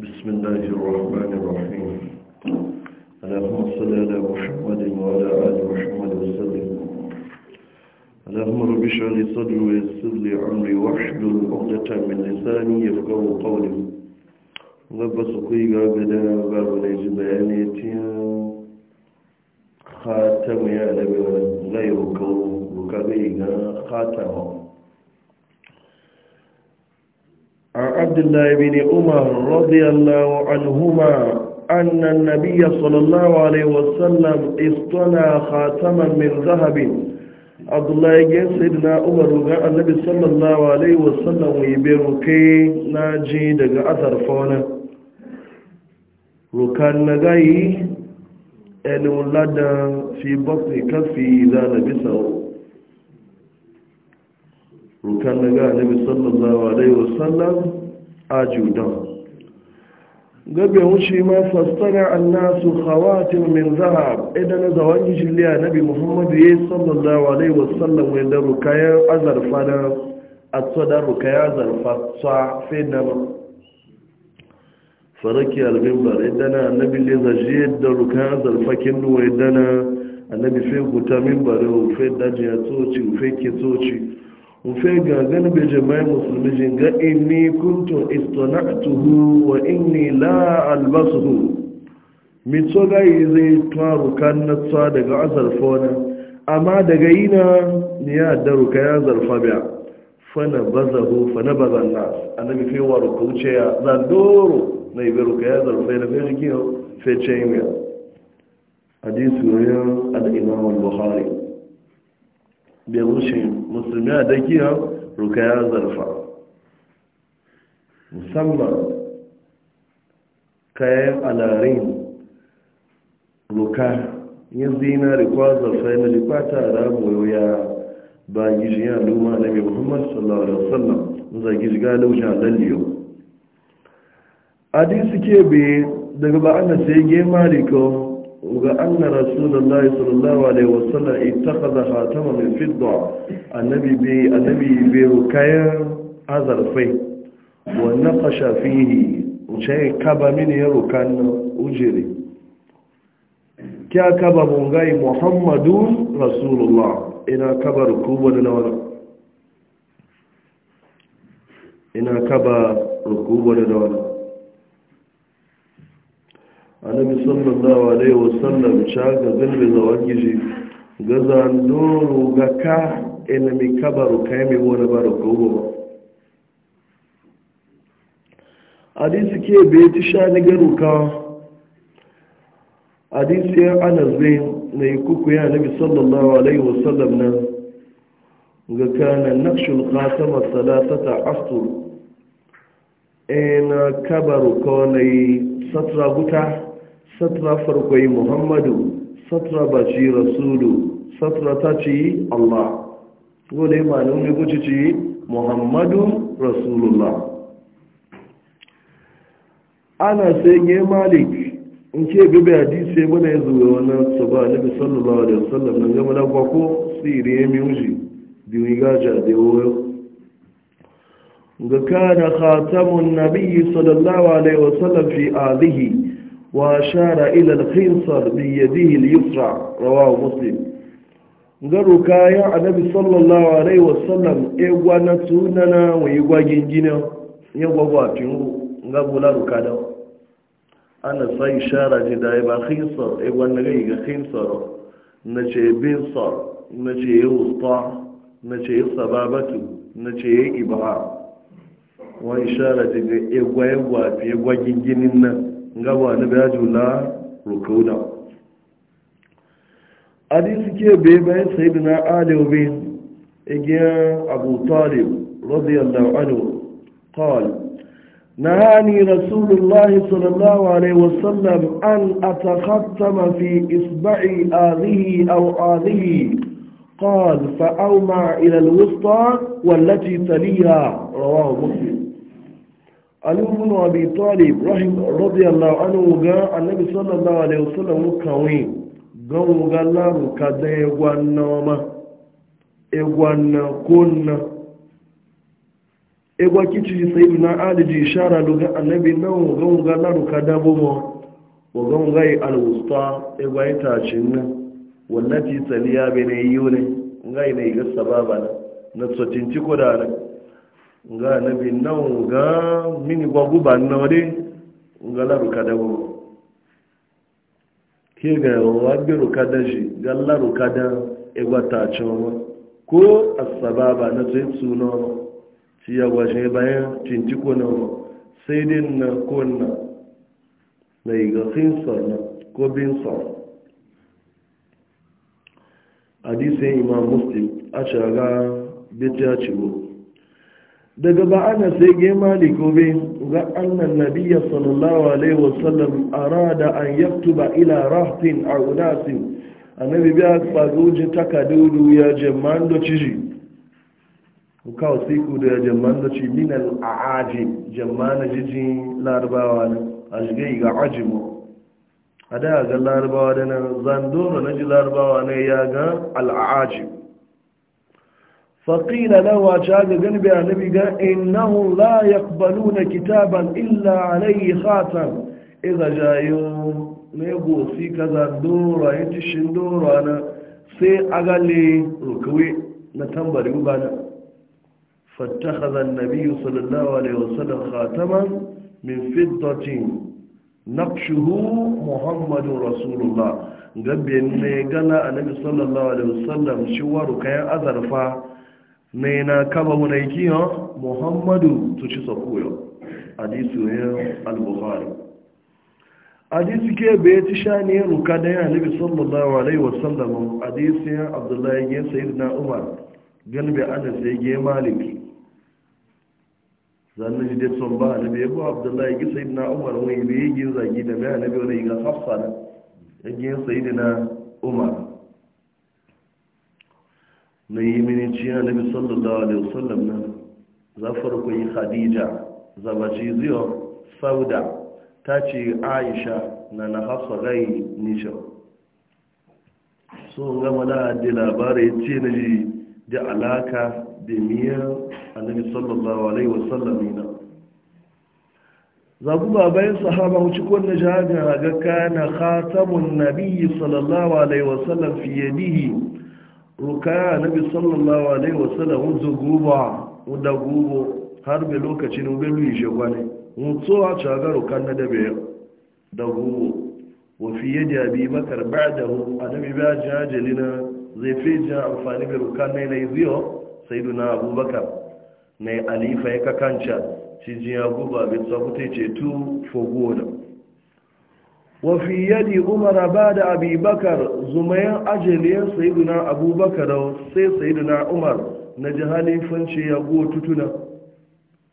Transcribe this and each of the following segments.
بسم الله الرحمن الرحيم اللهم صل على محمد وعلى آل محمد وسلم اللهم رب اشرح لي صدري ويسر لي امري واحلل عقدة من لساني يفقهوا قولي غبا سقي غدا باب نجي خاتم يا نبي غير قول وكبيغا خاتم عبد الله بن عمر رضي الله عنهما أن النبي صلى الله عليه وسلم اصطنى خاتما من ذهب عبد الله يجي سيدنا عمر قال النبي صلى الله عليه وسلم يبركي ناجي دقى أثر فونا ركان نجاي أن ولد في بطن كفي إذا لبسه rukan na النبي صلى الله عليه وسلم ajudan gabe wuce ma fastana annasu khawatin min zahab idan zawan jiliya nabi muhammadu ya yayi sallallahu alaihi wasallam wai da rukayan azarfa na atsada rukayan azarfa sa fena faraki al-minbar idan annabi le zaje da rukayan azarfa kin duwa idan annabi fe guta minbar fe daji ya tsoci fe ke tsoci mufe ga gani bai jama'i musulmi jin ga inni kuntu istona'tuhu wa inni la albasuhu mito gayi zai taru kan natsa daga azarfa wani amma daga yi na ni ya daru ka ya zarfa biya fana bazahu fana bazan nas annabi fi wa rukauce ya zandoro na ibiru ka ya zarfa yana fi jikin fece yi mai hadisi yoyin al-imam al-bukhari bai wuce musulmi a dakiya rukaya zarfa musamman kayan alarin ruka ya zinari kwa zarfa yana likwata a ramuwa ya ba gishi ya luma na mai muhammadu sallallahu alaihi wasallam za gane wuce a lalliyo adi suke bai daga ba'an da sai ge malikon ga anna rasulullahi sallallahu alaihi wasallam ittakhadha hatama min fidda annabi bi annabi bi kayan azarfai wa naqasha fihi uche kaba min yarukan ujiri kya kaba bungai muhammadun rasulullah ina kaba rukuba da nawala ina kaba rukuba da nawala annabi sallallahu alaihi wasallam ca ga zalbe zawon gishi gaza zandoro ga ka ilimi kabaru kai mai wani ba da kogo ba hadisi ke bai ti sha ni garu ka hadisi ya anas bai na yi kuku ya nabi sallallahu alaihi wasallam nan ga kana nakshul khatama salatata astur ina kabaru ka wani satra guta satra farkwai muhammadu satra baci rasulu satra ta ci allah gole malum ne guci ci muhammadu rasulullah ana sai ne malik in ke gabe hadisi ya mana ya zuwa wannan saba nabi sallallahu alaihi wasallam nan gama da kwako siri ya miuji biyu gaja da yawo ga kana khatamun nabiyyi sallallahu alaihi wasallam fi alihi وأشار إلى الخنصر بيده اليسرى رواه مسلم garu kayan annabi sallallahu alaihi wasallam egwa na tunana wa egwa gingina ya gwagwa a tingu ga bula ruka da ana sai shara ji da ba khinsar egwa na yi ga khinsar na ce binsar na ce wusta na ce sababatu na ce ibha wa shara ji ga egwa egwa fi egwa ginginin nan gaba na biya jula rukauna adi suke bai bayan sayidu na alibi igiyar abu talib radiyallahu anhu قال نهاني رسول الله صلى الله عليه وسلم أن أتختم في إصبع آذه أو آذه قال فأومع إلى الوسطى والتي تليها رواه مسلم alimun abi talib rahim radiyallahu anhu ga annabi sallallahu alaihi wasallam kawai ga ga laru ka da egwanna ma egwanna kunna egwa kici sai ibn ali shara ishara daga annabi nan ga ga laru ka da bomo wa ga ga alwusta egwa ita cinna wallati saliya bene yune ngai ne ga sababa na tsotin ci kodana nga nabi nan ga mini gbogbo ba na wade nga laru kada bu ke ga wabbi rukada shi ga laru kada igwata cewa ko asababa na tsaye suna ci ya gwashe bayan cinci ko na sai dai na konna na iga khinsar na ko binsar imam muslim a shaga bidiya daga ba ana sai ge maliku gobe ga annan nabiyya sallallahu alaihi wasallam arada an yaktuba ila rahtin aw unasin annabi biya ji takadudu ya jamman do ciji ka wasiku da jamman do ci min al aajib jamman jiji larbawa na ajge ga ajimu ada ga larbawa da na zandoro na ji larbawa ne ya ga al فقيل له أجاد قلبي النبي قال إنهم لا يقبلون كتابا إلا عليه خاتم إذا جايوم نيبو سي كذا دورة يتشن دورة أنا سي أغالي ركوي نتنبري وبانا فاتخذ النبي صلى الله عليه وسلم خاتما من فضة نقشه محمد رسول الله قبل أن النبي صلى الله عليه وسلم شوار كان أذرفا na yana wuna munaiki ya muhammadu su ci sakuyo hadisu al-bukhari hadisu ke bai ci sha ne ruka da yana nabi sallallahu alaihi wasallam hadisu ya abdullahi ya sayi na umar galibi Anasi ya ge maliki zanna ji dai son ba nabi ya ba abdullahi ya sayi na umar wani bai yi zagi da mai nabi wani ga hafsa ya ge sayi na umar na yi mini ciya na bi sallallahu alaihi wasallam na za farko yi khadija zabaci ziyo sauda ta ce aisha na na hafsa gai nisha so gama da da labarai ce na ji da alaka da miya bi sallallahu alaihi wasallam na zagu bayan sahaba wuce ko na jihar ga kana khatamun nabi sallallahu alaihi wasallam fi yadihi rukaya nabi sallallahu alaihi wasallam zo guba da gubo har bai lokacin ube lui je gwane mutso a caga rukan na dabe da gubo wa fi yadi abi bakar ba'dahu annabi ba jajalina zai fi ja amfani da rukan ne na ziyo sayyiduna abubakar ne alifa ya kakanca ci jiya guba bi tsakuta ce tu da wafi yadi umara ba da abubakar zumayen ajaliyar sayiduna abubakar sai sayiduna umar na ji halifanci ya go tutuna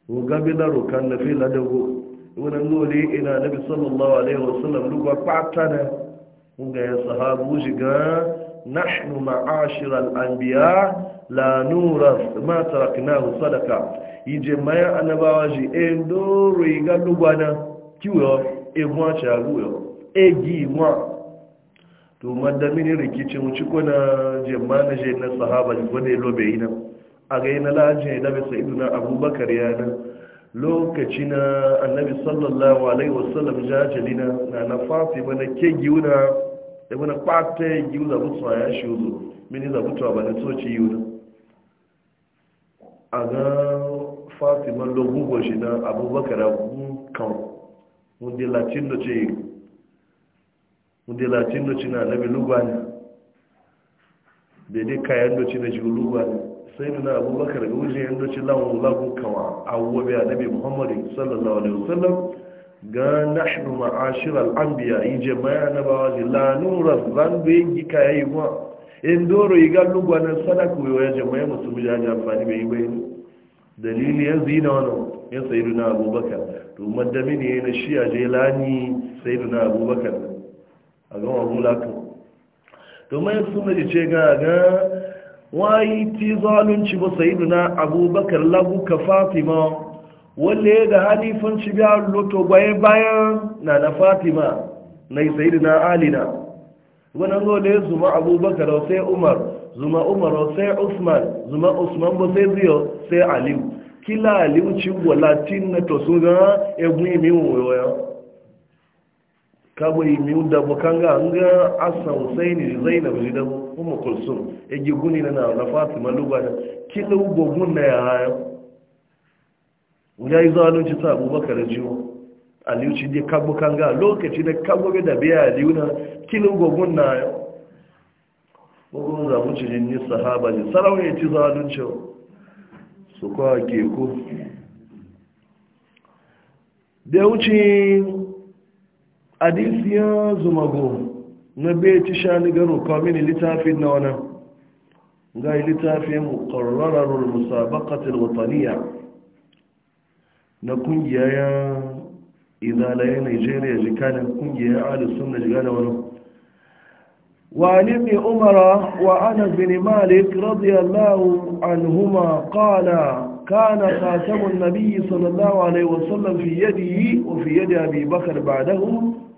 gabi na rokan na fi ladago wani nole ina nabi sallallahu alaihi wasallam lugba fata na ga ya sahabu shiga nahnu ma'ashir al'anbiya la nura ma taraknahu sadaka ije maya annabawa ji en do riga lugba na kiwo egun acha ruwo egi ma to madamini rikicin wuce kuna jemma na je na sahaba wanda ya lo yi ina a ga ina na je ya be sayyiduna na abubakar ya na, lokaci na annabi sallallahu alaihi wasallam jajali na na na fafi mana ke giuna da bana kwata giuna giu zabu ya shi uzo mini zabu tsawa ba na ci yuna a ga fafi man lobugo shi na abubakar abu kan wanda latin da ce wanda latin da cina na bilugwani da dai kayan da cina ji bilugwani na nuna abubakar ga wujen yadda ci lawan lagun kawa awwabi a nabi muhammadu sallallahu alaihi wasallam ga nashinu ma'ashir al'ambiya yi jama'a na bawa ji lanun rasban da yin gika ya yi ma in doro yi ga lugwanin sadaku yi wa jama'a musu mu jaji amfani bai yi bai ne dalili ya zina wani ya sayi nuna abubakar to madami ne na shi a jelani sayi nuna abubakar a gama bulatu domin suna da ce ga ga wayi ti zalunci ba sayidu na abubakar lagu ka fatima wanda ya ga halifanci biya loto gwaye bayan na na fatima na yi sayidu na alina wani zola zuma abubakar sai umar zuma umar sai usman zuma usman ba sai ziyo sai aliyu kila aliyu latin na to sun ga egun imi wuyoyon kagwai miyu da bukanga an ga asan husaini zainab da kuma kulsum egi guni na na fatima luba da kila ugogun na ya haya ya yi zalunci ta abubakar jiwo aliyu ci dai kagbo kanga lokaci da kagbo da biya aliyu na kila ugogun na ya bugun zamu ne jini sahaba ne ya ci zalunci su kwa keku ku da wuce hadisi ya zuma goma na bai ci shani gano kwamini littafin na wani ga littafin ƙararrarar musabakatar wataniya na kungiya ya izalaye nigeria jikanin kungiya alisun na jiga da wani وعن ابن عمر وأنس بن مالك رضي الله عنهما قال كان خاتم النبي صلى الله عليه وسلم في يده وفي يد أبي بكر بعده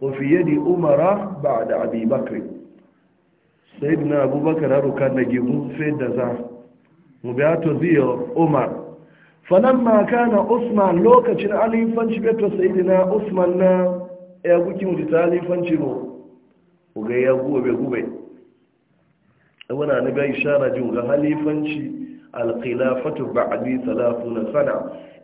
wafi yadi umara ba da abubakar sai na abubakar harukan da gigun sai da za mu biya to ziyo umar Fanan maka na usman lokacin alifanci beto sayidina usman na ya guki mutu ta alifanci mu ga ya gube gube wana ni ga ishara jin ga halifanci alkhilafatu ba'di 30 sana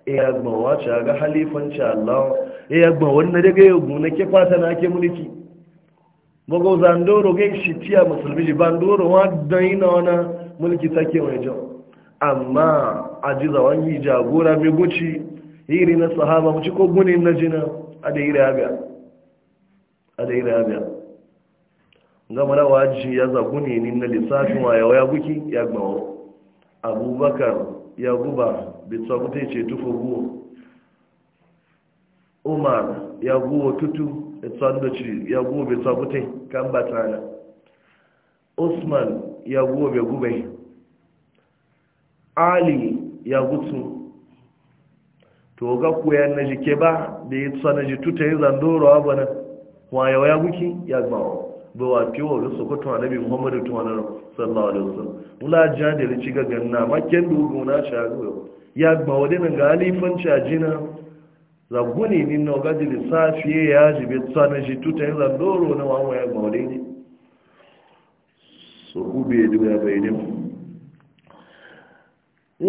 ya gbawace ga halifanci Allah Eh, ya gba na daga ya gona ke fata na ake mulki bugu zandoro gai shi tiya musulmi ji bandoro wadda yi na wana mulki ta ke wani amma a ji zawon yi jagora mai guci iri na sahaba mu ci ko na jina a da iri abiya a da iri abiya gama na waji ya zaguni ni na lissafin wa yawa ya guki ya gbawo abubakar ya guba bisakuta ce tufa guwa umar ya guwa tutu tsandoci ya guwa bai tsabutai kan tana usman ya guwa bai gube ali ya gutsu to ga koyan na jike ba da ya tsana ji tuta yi zandoro abu nan wayo ya guki ya gbawa ba wa fiwo da su na annabi muhammadu tuwanar sallallahu Wula wasallam da ya ci gagan na makin dogo na shago ya gbawa dinan ga halifanci a jina zaguni ni na safi lissafi ya yaji bai tsanin shi tuta yin zandoro na wawon ya gbaure ne so kube da ya bai ne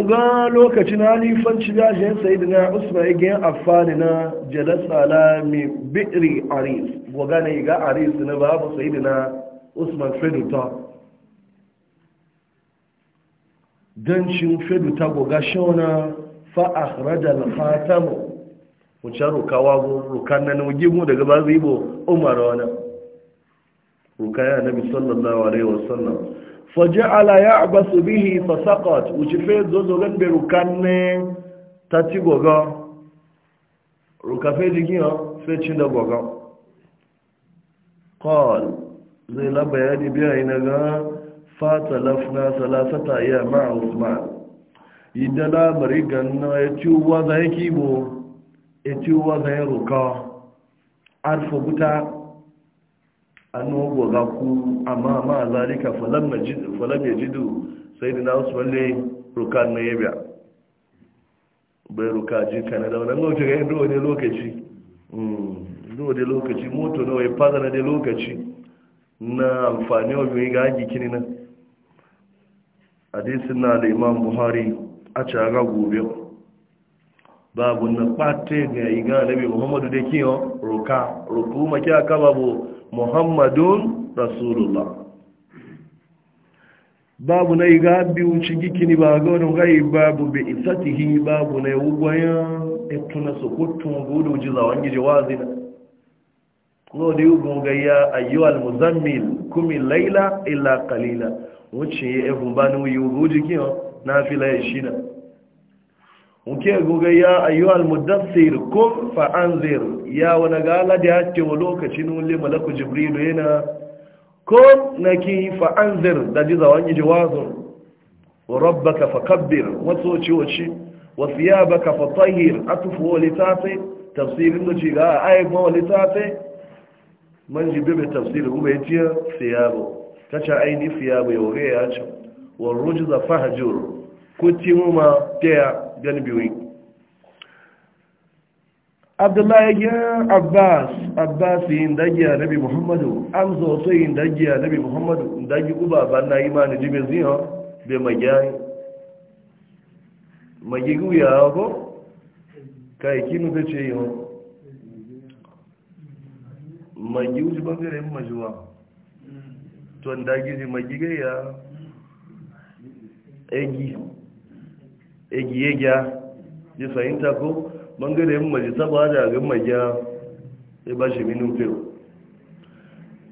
ga lokacin halifanci dajiyar sayidu na usman igiyar afani na jalasala mai bi'ri aris gwagana ga aris na babu sayidu na usman feduta dancin feduta gwaga shauna fa'ahrajar hatamu wuce rukawa rukan nan mu daga ba zai bo umar wani rukaya na sallallahu alaihi wasallam faji ala ya abasu bihi fasakot wuce fe zozo gan be rukan ne ta ci gogo ruka fe jigin fe cin da gogo kọl zai labaya ne biya yi na ga fata lafna salasata iya ma'a usman idan bari ganna ya ci uwa za ya kibo eti za ya roka arfa buta annuwa ga ku amma ma ka falam ya jidu sai da na usman ne roka na ya biya bai roka ji na da wani. lokaci ga yin rowa ne lokaci rowa hmm, da lokaci moto na wai fada na da lokaci na amfani wa biyu ga haƙi kini na hadisin na da imam buhari a ci gobe babu na kpate ga iga nabi muhammadu da kiyo Ruka: roku maki aka babu muhammadun rasulullah babu na iga biyu cigikini ba ga wani gai babu bi isatihi babu na ugwayen etu na sokotun gudu jiza wangi jawazi na ko da yugun gayya ayyuhal muzammil kumi laila ila qalila wuce ya efun ba ni yugo jikin na fila ya shida nke goga ya ayyuhal mudassir kum fa anzir ya wani gala da ya ce wa lokacin wule malaku jibrilu yana kum na ki fa anzir da ji zawon yi jiwazun wa rabbaka fa kabbir wasu ciwoci wa siyabaka fa tahir atufu wa litafi tafsirin da ci ga ayyukan wa litafi man ji bebe tafsirin kuma ya ciye siyabo kacha aini siyabo ya wuri ya ce wa rujza fahajur kutimuma taya bi biyu abdullahi ya abbas abbas yin dagi a nabi muhammadu amsa wasu yin dagi a nabi muhammadu dagi uba ba na yi mani jibe ziyan bai magiyayi magigu ya hako kai kinu ta ce yiwu magigu ji bangare majuwa to dagi ji magigai ya egi egiye gya ji fahimta ko bangare yin maji saba da gan magiya ya ba shi minu fiyo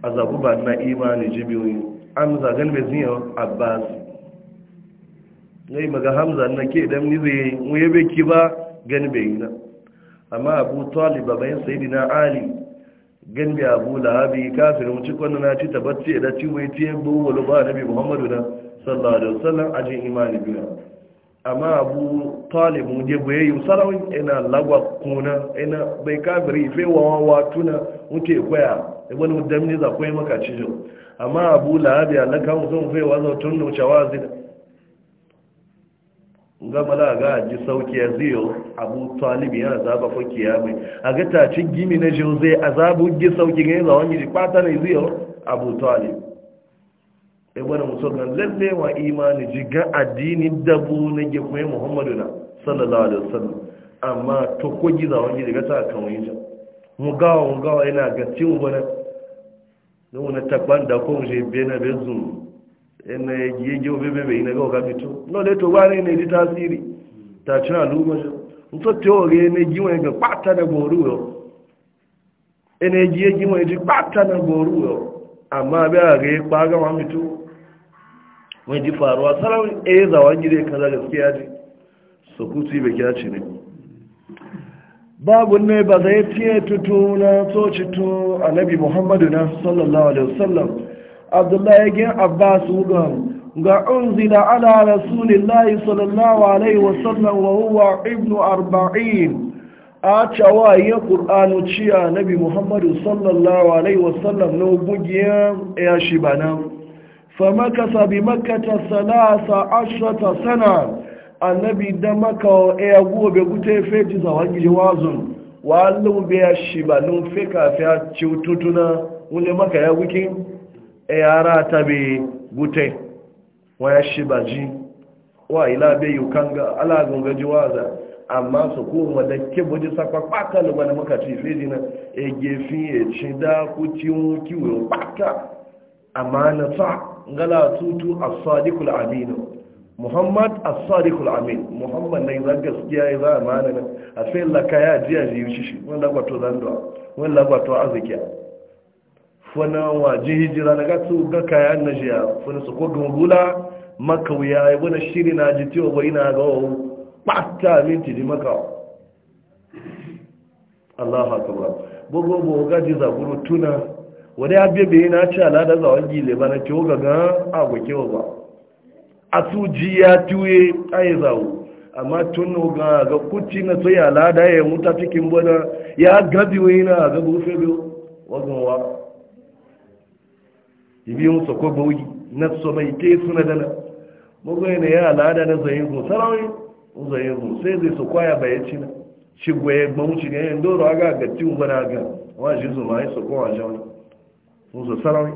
a zaku ba na imani ji biyu an zagan mai ziniyar abbas na yi maga hamza na ke idan ni zai wuye bai ki ba gani bai na amma abu talib bayan sayidi na ali gani bai abu lahabi kafin wuce kwanan na ci tabbaci da ci mai tiye gbowar ba nabi muhammadu na sallallahu alaihi wasallam ajin imani biyu amma abu talib je boye yi sarawin ina lagwa kuna ina bai ka bari fe wa wawa watuna muke kwaya ibn muddam ne za koyi maka cijo amma abu lahabi Allah kan sun fe wa zo tun da chawazi ga mala ga ji sauki ya ziyo abu talib ya zaba fa kiyamai a ga ta ci gimi na jiyo azabu ji sauki ga yanzu wani ji kwata ne ziyo abu talib ibana musamman lalle wa imani jiga addinin dabu na gefe muhammadu na sallallahu alaihi wasallam amma to ko giza wani daga ta kan wani ja mu gawa mu gawa yana ga cin bana don wani takwan da ko mu je bena bezu ina yi yi obi bebe ina gawa ga fito no le to wani ne di tasiri ta cina luma ja mu to teori ne gi wani ga pata da goru yo ina yi yi wani ji pata da goru yo amma a ga ga ga ma fito mai ji faruwa a ɗaya eh, zawon gire kaza gaskiya ce su kutu bai bakiya ce ne babu ne ba zai fiye tutu na a Nabi muhammadu na sallallahu alaihi wasallam abdullahi gin abbas wugan ga unzila ala rasulillahi sallallahu alaihi wasallam wa huwa ibnu arba'in a cewa ya kur'anu ciya nabi muhammadu sallallahu alaihi wasallam na gugiya ya shi ba nan فمكث بمكة ثلاث عشرة سنة النبي دمك وإيقوه بيقوته فيتي زواج جوازن وعلم بيا الشبانون فيكا فيها تشوتوتنا ولمك يا ويكين إيارا بي قوته ويا الشباجي وإلا بيو كانغا على قنغ جوازا أما su koma da kebo ji sakwa kwata da wani makaci feji كتيون كيو ya أما da ngala tutu as-sadiqul amin muhammad as-sadiqul amin muhammad nai zan gaskiya ya za amana ne a sai laka ya jiya ji yushi shi wanda gwato zan da wanda gwato arziki fona wa ji hijira na gatsu ga kaya na jiya fona su ko gungula makauya ya bana shiri na ji tiyo bai na ga wa pata minti di maka allah akbar gbogbo bo gaji zaburu tuna wani abin bai na ci ala da zawon gile ba na kyau gaga a gwake wa ba a tuji ya tuye a yi zawo amma tun ga ga kuci na tsaye ala da ya muta cikin bana ya gabi wani na ga gufe biyu wagon wa ibi musu ko bauyi na so mai ke suna dana mugoyi na ya ala da na zaye gun sarawai zaye gun sai zai su kwaya bayan cina shi gwaye gbamuci ga yin doro aga ga tiwu bana aga wa shi zuma ya su kowa jaunin musu sarawi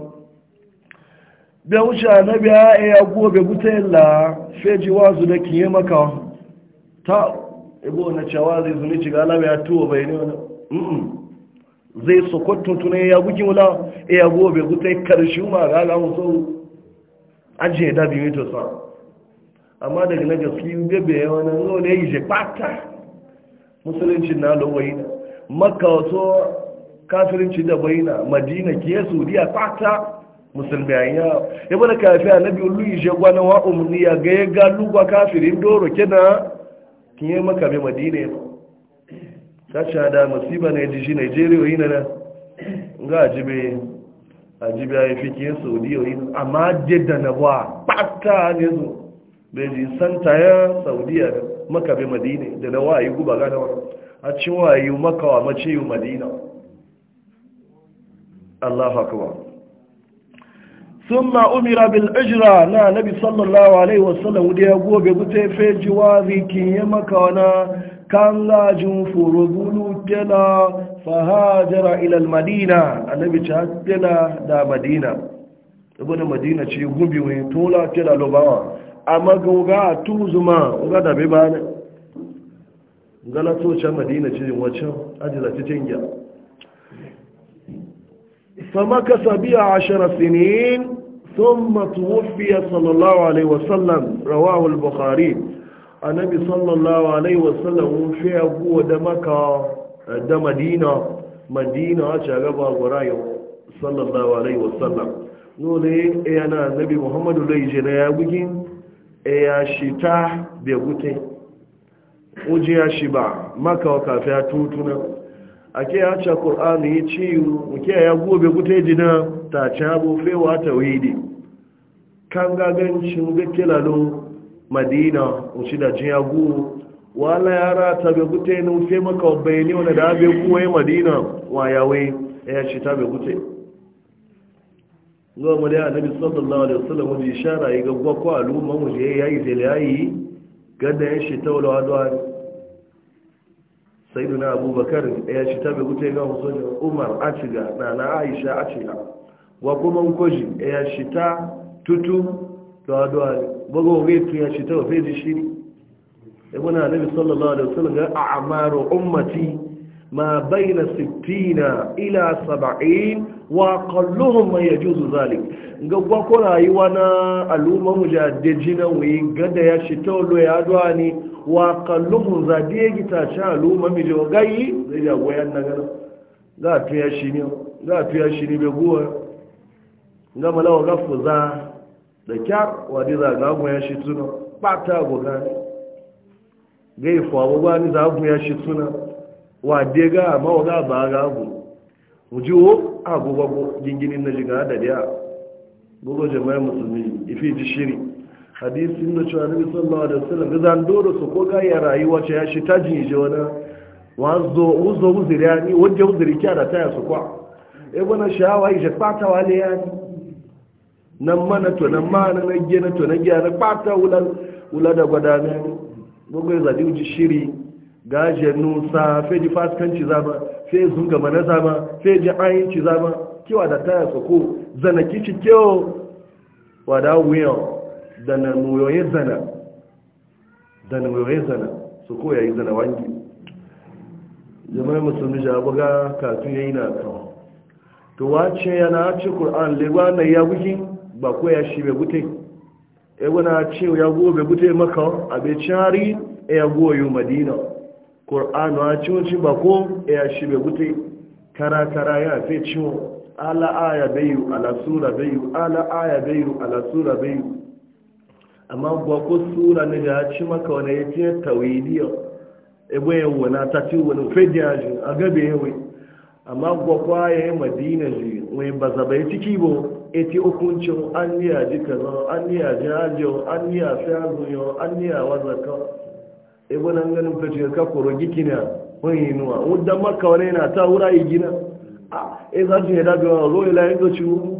bai wuce annabi ya iya gobe gute la feji wazu da kinye maka ta ibo na cewa zai zuni ci ga ya tuwo bai ne wani zai sokottun tunai ya guki wula iya gobe gute karshe ma ga ala musu da dabi mito sa amma daga na gaske bebe wani nuna ya yi je pata musulunci na lowayi makka wato kafirinci da baina madina ke saudiya fata musulmi ya yawa ibi kafi a nabi ulu ishe gwanin wa umarni ya ga ya ga lugwa kafirin doro kina kinye maka mai madina ta sha da musiba na yaji shi nigeria yi na ga ajibe ajibe ya yi fikin saudiya yi amma jidda na ba fata ne zo da ji santa ya saudiya maka mai madina da na wa yi guba gana wa a cin wa yi maka wa mace yi madina Allahu akbar summa umira bil na nabi sallallahu alaihi wasallam da ya gobe gute fe jiwazi kin ya kan lajin furu bulu tela fa ila madina annabi ta tela da madina ibn madina ce gumbi wani tola tela lobawa amma goga tuzuma ga da be bana galatocha madina ce wacin ajila ta tingiya فمكث بها عشر سنين ثم توفي صلى الله عليه وسلم رواه البخاري النبي صلى الله عليه وسلم في أبو دمكة دم مدينة مدينة شغبة غرايو صلى الله عليه وسلم نولي أنا النبي محمد لي جنايا بجين أيا شتاح بيغوتي وجي أشبع مكة وكافية توتنا ake ya ce ƙur'ani ya ci muke ya gobe kuta jina ta ci abu fewa ta wede kan gagancin gakkilalo madina uci da jin ya gobe wala ya rata be gute nun fe maka bayani wanda da be kuwa madina wa yawe ya ci ta be gute ga mu da annabi sallallahu alaihi wasallam ji ishara ga gwakwa al'umma mu je yayi zai yayi gadda ya shi tawla wadwa sai duna abubakar ya ci tabi wuce ga husunin umar a ci ga na na aisha a ci ciga wa kuma kwaji ya ci ta tutu to aduwa bugu wetu ya ci ta wa feji shiri ibn e nabi sallallahu alaihi wasallam ga a'maru ummati ma baina 60 ila 70 wa qalluhum man yajuzu zalik ga gwa ko rayuwa na al'umma mujaddijina wi gada ya ci ta lo ya aduwa ni wa kalluhun zadiye gita ci luma mili wa gayi zai ya goyon na gana za a tuya shi ne za a tuya shi ne bai guwa ga malawa gafu za da kyar wadi za ga goya shi tuna bata goga ne gai fa fawo ba ni za goya shi tuna wade ga mawa ga ba ga gu mujiwo agogaggo gingini na jiga da daya gogo jama'a musulmi ifi ji shiri hadisin da cewa nabi sallallahu alaihi wasallam ga zan doro su ko gaya rayuwa ce ya shi taji je wani wazo uzo uzuri ya ni wajen uzuri kya da taya su kwa e bana shawa je fata wale ya ni nan mana to nan mana na gena to na gya na fata ulan ula da gwadana ni gogo ya zadi uji shiri gaje nusa fe ji faskanci zama fe zunga mana zama fe ji ayin ci zama kiwa da taya su ko zanaki ci kewo wada wuyan da na muyoyi zana da na muyoyi zana su ko ya yi zana wangi jama'ai musulmi ja buga katun ya yi na kawo to wace na ci ƙur'an lewa na ya wuki ba ko ya shi bai gute e wana ce ya go bai gute maka a bai cari e ya go yi madina ƙur'an wa ci wuci ba ko e ya shi bai gute kara kara ya fi ciwo ala aya bayu ala sura bayu ala aya bayu ala sura bayu amma gwa ko sura ne da ci maka wani ya ce tawidiyo ebe ya wana ta ci wani fediya ji a gabe wai amma gwa kwa ya yi madina ji wai ba zaba ya ciki bo ya e ti hukuncin an yi a ji kaza an yi a ji ajiyo an yi a fiyazuyo an yi a ka ebe nan ganin fashe ka koro gikina wani yi nuwa wadda maka wani na ta wura yi gina a e ya zaji ya dabewa zo ila yin da wuru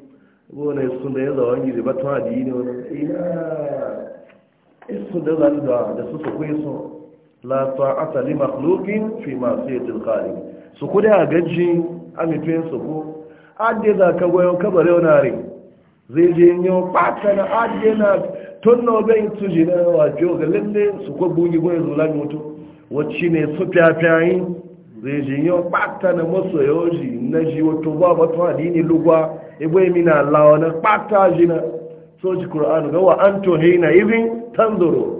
gona e, ah, su da ya zawon batwa ba tun adiyi ne wani iya su da zalda da su su kuyi su la ta'ata li makhluqin fi ma'siyatil khaliq su ku da gaji amifin su ku adde za ka goyon kabare wani rin zai je yau fata na adde na tunno bai tuji na wajo ga lalle su ku bugi goyon zula mutu wacce ne su yi zai je yau fata na masoyoji na ji wato ba wata adini lugwa igwe mi na lawa na kpata jina soji ƙura'anu ga wa an tohe na izin tanzoro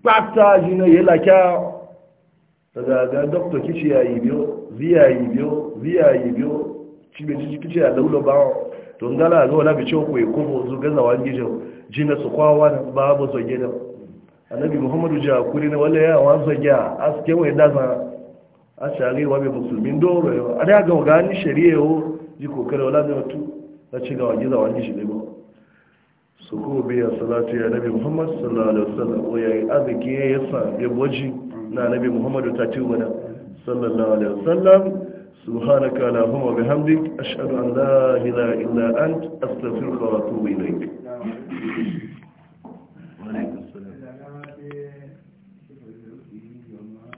kpata jina ya lakya daga ga doktor kici ya yi biyo ziya yi biyo ziya yi biyo cibe ci kici ya daulo ba to ngala ga wala bi choko e ko zo ga zawan gijo jina su kwawa na babu so gida annabi muhammadu ja kuri na wala ya wan so gida aske wai da za a shari wa bi musulmin doro a da ga gani shari'a yo ji kokare wala da watu ta ci ga wajiza wani shi ne ba su ko biya salatu ya nabi muhammad sallallahu alaihi wasallam o yayi aziki ya sa ya boji na nabi muhammadu ta ci wani sallallahu alaihi wasallam سبحانك اللهم وبحمدك أشهد أن لا إله إلا أنت أستغفرك وأتوب إليك